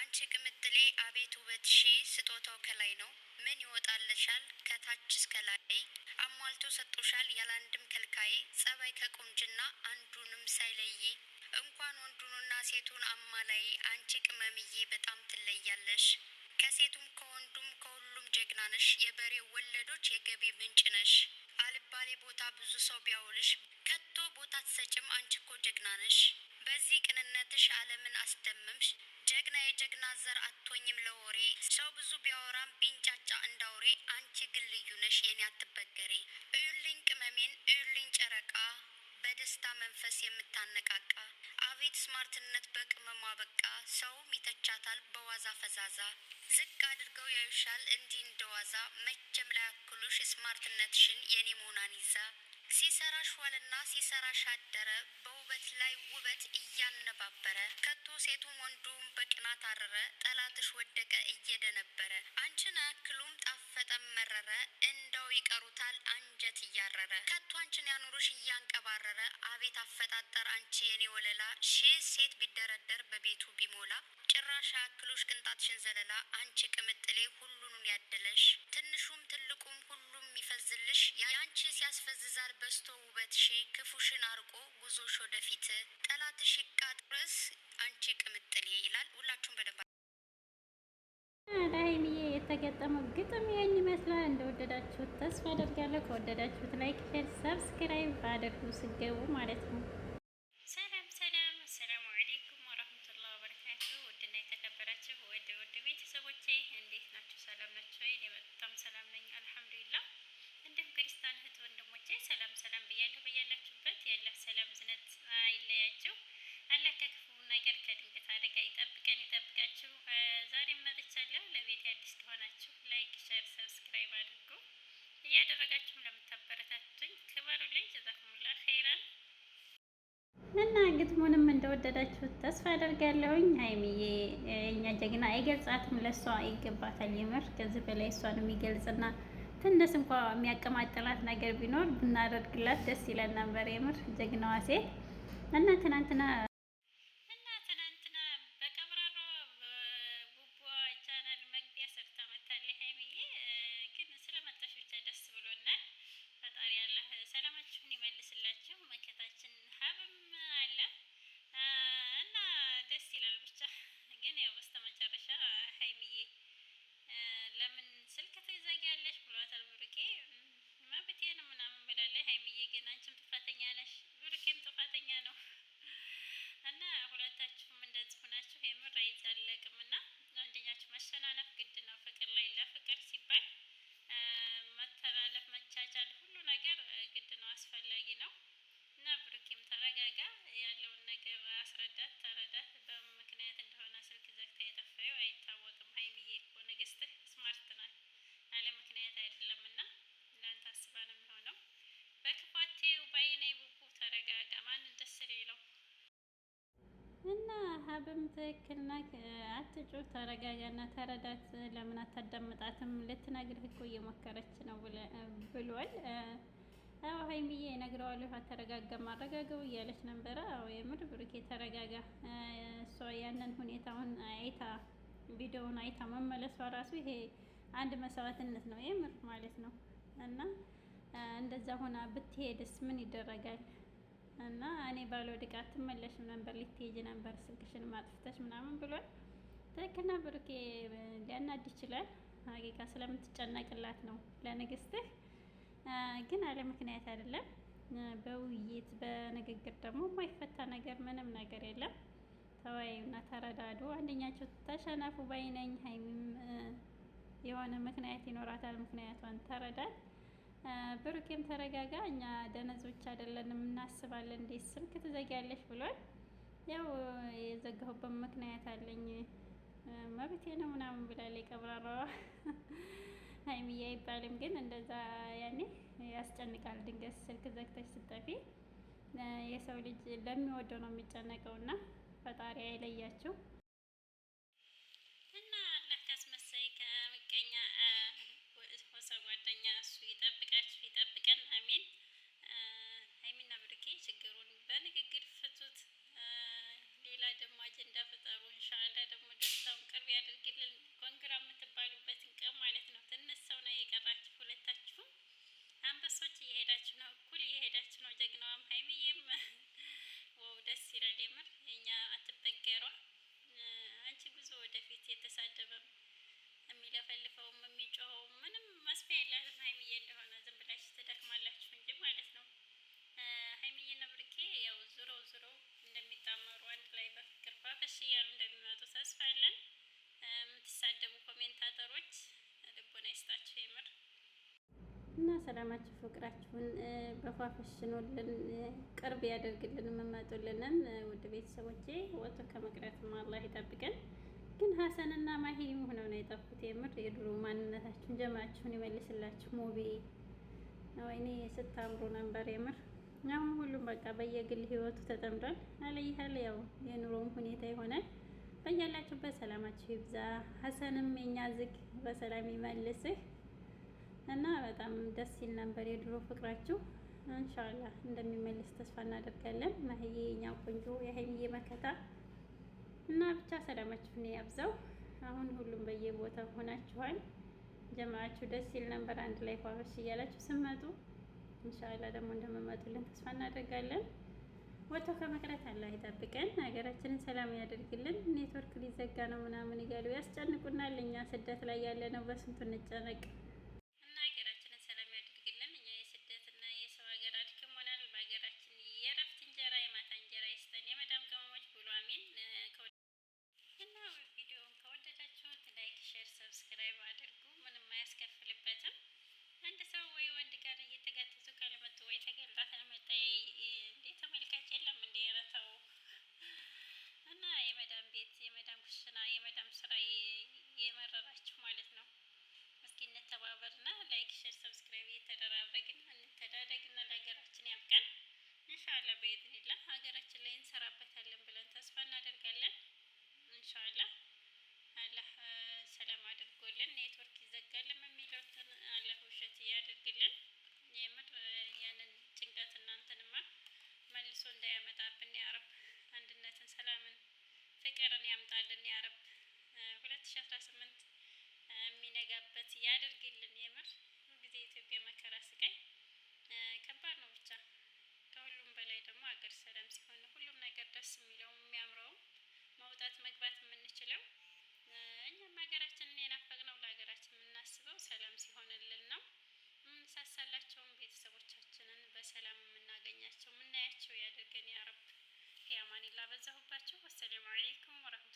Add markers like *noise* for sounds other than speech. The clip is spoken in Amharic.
አንቺ ቅምጥሌ አቤት ውበት ሺ ስጦታው ከላይ ነው። ምን ይወጣልሻል ከታች እስከ ላይ አሟልቶ ሰጦሻል ያለአንድም ከልካይ ጸባይ ከቆንጅና አንዱንም ሳይለይ እንኳን ወንዱንና ሴቱን አማላይ አንቺ ቅመምዬ በጣም ትለያለሽ። ከሴቱም ከወንዱም ከሁሉም ጀግና ነሽ። የበሬ ወለዶች የገቢ ምንጭ ነሽ። አልባሌ ቦታ ብዙ ሰው ቢያውልሽ ከቶ ቦታ ትሰጭም። አንቺ እኮ ጀግና ነሽ። በዚህ ቅንነትሽ አለምን አስደምምሽ። ጀግና የጀግና ዘር አቶኝም ለወሬ ሰው ብዙ ቢያወራም ቢንጫጫ እንዳውሬ አንቺ ግን ልዩ ነሽ የኔ አትበገሬ። እዩልኝ ቅመሜን እዩልኝ ጨረቃ በደስታ መንፈስ የምታነቃቃ አቤት ስማርትነት በቅመሟ በቃ ሰውም ይተቻታል በዋዛ ፈዛዛ ዝቅ አድርገው ያዩሻል እንዲህ እንደዋዛ መቼም ላያክሉሽ ስማርትነትሽን የኔ መሆናን ይዛ ሲሰራሽ ዋለና ሲሰራሽ አደረ በውበት ላይ ውበት እያነባበረ ከቶ ሴቱም ወንዱም በቅናት አረረ ጠላትሽ ወደቀ እየደነበረ አንቺን አያክሉም ጣፈጠም መረረ እንዳው ይቀሩታል አንጀት እያረረ ከቶ አንቺን ያኑሩሽ እያንቀባረረ አቤት አፈጣጠር አንቺ የኔ ወለላ ሺህ ሴት ቢደረደር በቤቱ ቢሞላ የእሳትሽን ዘለላ አንቺ ቅምጥሌ ሁሉንም ያደለሽ ትንሹም ትልቁም ሁሉም የሚፈዝልሽ የአንቺ ሲያስፈዝዛል በስቶ ውበትሽ ክፉሽን አርቆ ጉዞሽ ወደፊት ጠላትሽ ይቃጥረስ አንቺ ቅምጥሌ ይላል። ሁላችሁም በደንብ ሀይሚዬ የተገጠመው ግጥም ይህን ይመስላል። እንደወደዳችሁት ተስፋ አደርጋለሁ። ከወደዳችሁት ላይክ፣ ሼር፣ ሰብስክራይብ አድርጉ ስገቡ ማለት ነው። ነገር ከድንገት አደጋ ይጠብቀን ይጠብቃችሁ። ዛሬም መጥቻለሁ። ለቤት አዲስ ከሆናችሁ ላይክ፣ ሸር፣ ሰብስክራይብ አድርጉ። እያደረጋችሁም ለምታበረታቱኝ ጀዛኩሙላ እና ግጥሙንም እንደወደዳችሁት ተስፋ አደርጋለሁኝ። ሀይሚዬ ጀግና አይገልጻትም፣ ለእሷ ይገባታል። የምር ከዚህ በላይ እሷን የሚገልጽና ትንሽ እንኳ የሚያቀማጥላት ነገር ቢኖር ብናደርግላት ደስ ይለን ነበር። የምር ጀግናዋ ሴት እና ትናንትና ግን አንቺም ጥፋተኛ ነሽ፣ ብሩኬም ጥፋተኛ ነው እና ሁለታችሁም እንደዚህ ሆናችሁ የምር አይዛለቅም እና አንደኛችሁ መሸናነፍ ግድ ነው። ፍቅር ላይ ለፍቅር ሲባል መተላለፍ፣ መቻቻል፣ ሁሉ ነገር ግድ ነው፣ አስፈላጊ ነው እና ብሩኬም ተረጋጋ፣ ያለውን ነገር አስረዳት፣ ተረዳት በ ትክክል ናት። አትጩህ፣ ተረጋጋና ተረዳት። ለምን አታዳምጣትም? ልትነግርህ እኮ እየሞከረች ነው ብሏል። አዎ ሀይሚዬ እነግረዋለሁ፣ አተረጋጋም ማረጋገው እያለች ነበረ። አዎ የምር ብሩኬ ተረጋጋ። እሷ ያንን ሁኔታውን አይታ ቪዲዮውን አይታ መመለሷ ራሱ ይሄ አንድ መስዋዕትነት ነው የምር ማለት ነው። እና እንደዛ ሆና ብትሄድስ ምን ይደረጋል? እና እኔ ባለው ባልወድቅ አትመለሽም ነበር ልትሄጂ ነበር ስልክሽን ማጥፍተሽ ምናምን ብሏል። ትክክልና ብሩኬ ሊያናድ ይችላል። ሀቂቃ ስለምትጨነቅላት ነው ለንግስትህ፣ ግን አለ ምክንያት አይደለም። በውይይት በንግግር ደግሞ የማይፈታ ነገር ምንም ነገር የለም። ተወያዩና ተረዳዱ፣ አንደኛቸው ተሸነፉ ባይነኝ። ሀይሚም የሆነ ምክንያት ይኖራታል፣ ምክንያቷን ተረዳት። ብሩኬም ተረጋጋ፣ እኛ ደነዞች አይደለንም፣ እናስባለን፣ እንዴት ስልክ ትዘጊያለሽ ብሏል። ያው የዘጋሁበት ምክንያት አለኝ መብቴ ነው ምናምን ብላል። ቀብራራዋ *laughs* ሀይሚዬ አይባልም ግን እንደዛ ያኔ ያስጨንቃል። ድንገት ስልክ ዘግተሽ ስጠፊ የሰው ልጅ ለሚወደው ነው የሚጨነቀው እና ፈጣሪ አይለያችሁ እና ለካስ ከምቀኛ ጓደኛ እሱ ይጠብቃችሁ ይጠብቀን። አሚን። ሀይሚና ብርኬ ችግሩን በንግግር ፍቱት። ሌላ ደግሞ አጀንዳ ፍጠሩ። እንሻላ ደግሞ ደስታውን ቅርብ ያደርግልን። ኮንግራ የምትባሉበትን ቀን ማለት ነው። ትንሽ ሰው ነው የቀራችሁ። ሁለታችሁም አንበሶች እየሄዳችሁ ነው፣ እኩል እየሄዳችሁ ነው። ጀግናዋም ሀይሚዬም ወው *laughs* ደስ ይላል የምር እኛ አትበገሯ። አንቺ ጉዞ ወደፊት የተሳደበም የሚለፈልፈውም የሚጮኸው ምንም መስፊያ የላትም ሀይሚዬ እንደሆነ ዝም ብላችሁ ትደክማላችሁ እንጂ ማለት ነው። ሀይሚዬና ብርኬ ያው ዙሮ ዙሮ እንደሚጣመሩ አንድ ላይ በፍቅር ፋፈሽ እያሉ እንደሚመጡ ተስፋ አለን። የምትሳደቡ ኮሜንታተሮች ልቦና ይስጣችሁ የምር እና ሰላማችሁ ፍቅራችሁን በፋፈሽኑልን ቅርብ ያደርግልን የምመጡልንን ውድ ቤተሰቦቼ ወጥቶ ከመቅረትም አላህ ይጠብቀን። ሀሰንና ማሂ ሆነው ነው የጠፉት። የምር የድሮ ማንነታችሁን ጀማችሁን ይመልስላችሁ። ሙቤ ወይኔ ስታምሩ ነበር የምር። አሁን ሁሉም በቃ በየግል ህይወቱ ተጠምዷል። አለይህል ያው የኑሮም ሁኔታ ይሆናል። በያላችሁበት ሰላማችሁ ይብዛ። ሀሰንም የኛ ዝግ በሰላም ይመልስህ እና በጣም ደስ ሲል ነበር የድሮ ፍቅራችሁ። እንሻላ እንደሚመልስ ተስፋ እናደርጋለን። ማህዬ የኛ ቆንጆ የሀይሚዬ መከታ እና ብቻ ሰላማችሁን ያብዛው። አሁን ሁሉም በየቦታው ሆናችኋል። ጀማዓችሁ ደስ ይል ነበር። አንድ ላይ ኳበሽ እያላችሁ ስመጡ ኢንሻአላህ ደግሞ እንደምመጡልን ተስፋ እናደርጋለን። ወጥቶ ከመቅረት አላህ ይጠብቀን፣ ሀገራችንን ሰላም ያደርግልን። ኔትወርክ ሊዘጋ ነው ምናምን እያሉ ያስጨንቁናል። እኛ ስደት ላይ ያለ ነው በስንቱ እንጨነቅ። ሰብስክራይብ አድርጉ። ምንም አያስከፍልበትም። አንድ ሰው ወይ ወንድ ጋር እየተጋተቱ ካልመጡ ወይ ተገልጣትን መጣ እንዴ ተመልካች የለም እንዴ ረተው እና የመዳም ቤት የመዳም ኩሽና የመዳም ስራ የመረራችሁ ማለት ነው። እስኪ እንተባበርና ላይክ፣ ሼር፣ ሰብስክራይብ እየተደራረግን እንተዳደግና ለሀገራችን ያብቃን እንሻላ በየትንላ ሀገራችን ላይ እንሰራበታለን ብለን ተስፋ እናደርጋለን እንሻላ ስምንት የሚነጋበት ያድርግልን። የምር ጊዜ የኢትዮጵያ መከራ ስቃይ ከባድ ነው። ብቻ ከሁሉም በላይ ደግሞ አገር ሰላም ሲሆን ሁሉም ነገር ደስ የሚለው የሚያምረውም መውጣት መግባት የምንችለው እኛም ሀገራችንን የናፈቅነው ለሀገራችን የምናስበው ሰላም ሲሆንልን ነው። የምንሳሳላቸውን ቤተሰቦቻችንን በሰላም የምናገኛቸው የምናያቸው ያደርገን። ያ ያማኒላ በዛሁባቸው። ወሰላሙ አሌይኩም ወረህመ